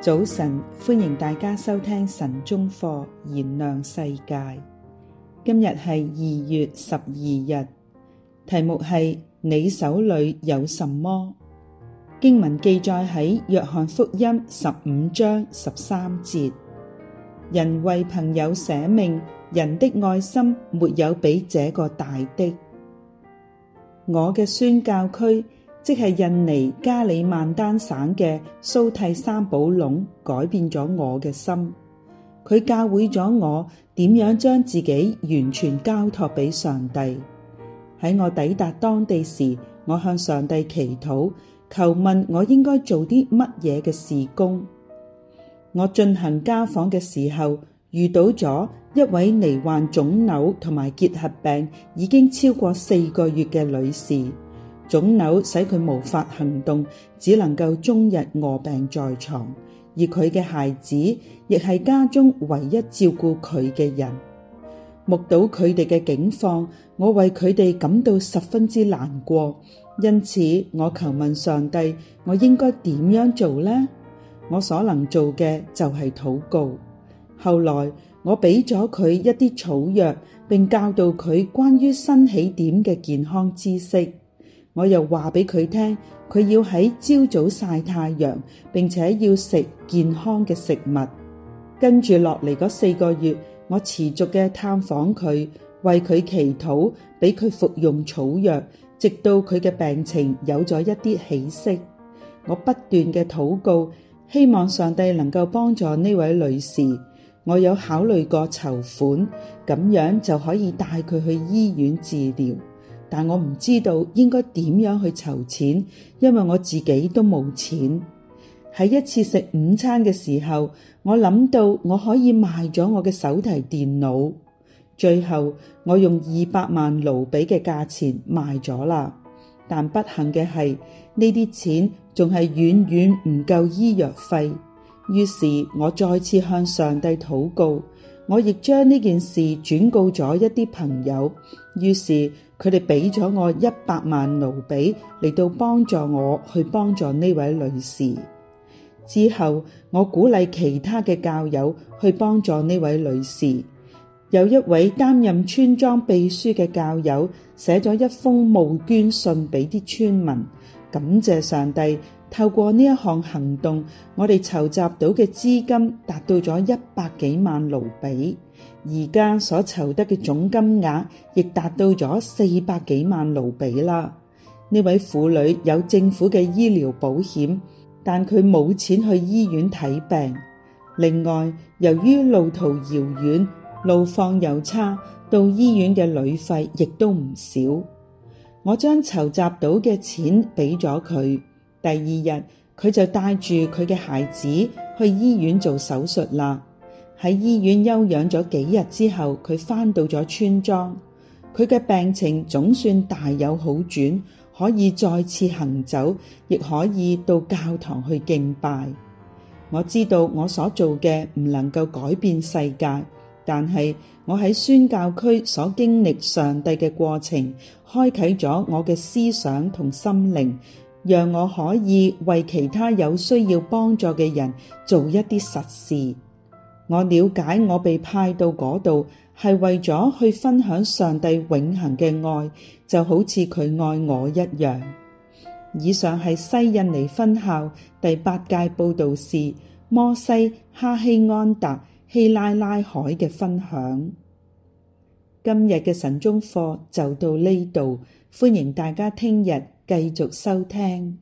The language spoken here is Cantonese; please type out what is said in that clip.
早晨，歡迎大家收聽晨鐘課，燃亮世界。今日係二月十二日，題目係你手裏有什麼？經文記載喺約翰福音十五章十三節：人為朋友捨命，人的愛心沒有比這個大的。我嘅宣教區。即係印尼加里曼丹省嘅蘇替三寶龍改變咗我嘅心，佢教會咗我點樣將自己完全交託俾上帝。喺我抵達當地時，我向上帝祈禱，求問我應該做啲乜嘢嘅事工。我進行家訪嘅時候，遇到咗一位罹患腫瘤同埋結核病已經超過四個月嘅女士。腫瘤使佢無法行動，只能夠終日臥病在床。而佢嘅孩子亦係家中唯一照顧佢嘅人。目睹佢哋嘅境況，我為佢哋感到十分之難過。因此，我求問上帝，我應該點樣做呢？我所能做嘅就係禱告。後來我俾咗佢一啲草藥，並教導佢關於新起點嘅健康知識。我又話俾佢聽，佢要喺朝早曬太陽，並且要食健康嘅食物。跟住落嚟嗰四個月，我持續嘅探訪佢，為佢祈禱，俾佢服用草藥，直到佢嘅病情有咗一啲起色。我不斷嘅禱告，希望上帝能夠幫助呢位女士。我有考慮過籌款，咁樣就可以帶佢去醫院治療。但我唔知道應該點樣去籌錢，因為我自己都冇錢。喺一次食午餐嘅時候，我諗到我可以賣咗我嘅手提電腦，最後我用二百萬盧比嘅價錢賣咗啦。但不幸嘅係，呢啲錢仲係遠遠唔夠醫藥費。於是，我再次向上帝禱告。我亦將呢件事轉告咗一啲朋友，於是佢哋俾咗我一百萬盧比嚟到幫助我去幫助呢位女士。之後我鼓勵其他嘅教友去幫助呢位女士。有一位擔任村莊秘書嘅教友寫咗一封募捐信俾啲村民，感謝上帝。透過呢一項行、行動，我哋籌集到嘅資金達到咗一百幾萬盧比，而家所籌得嘅總金額亦達到咗四百幾萬盧比啦。呢位婦女有政府嘅醫療保險，但佢冇錢去醫院睇病。另外，由於路途遙遠，路況又差，到醫院嘅旅費亦都唔少。我將籌集到嘅錢俾咗佢。第二日，佢就帶住佢嘅孩子去醫院做手術啦。喺醫院休養咗幾日之後，佢翻到咗村莊。佢嘅病情總算大有好轉，可以再次行走，亦可以到教堂去敬拜。我知道我所做嘅唔能夠改變世界，但係我喺宣教區所經歷上帝嘅過程，開啟咗我嘅思想同心靈。讓我可以為其他有需要幫助嘅人做一啲實事。我了解我被派到嗰度係為咗去分享上帝永恒嘅愛，就好似佢愛我一樣。以上係西印尼分校第八屆佈道士摩西哈希安達希拉拉海嘅分享。今日嘅晨鐘課就到呢度，歡迎大家聽日繼續收聽。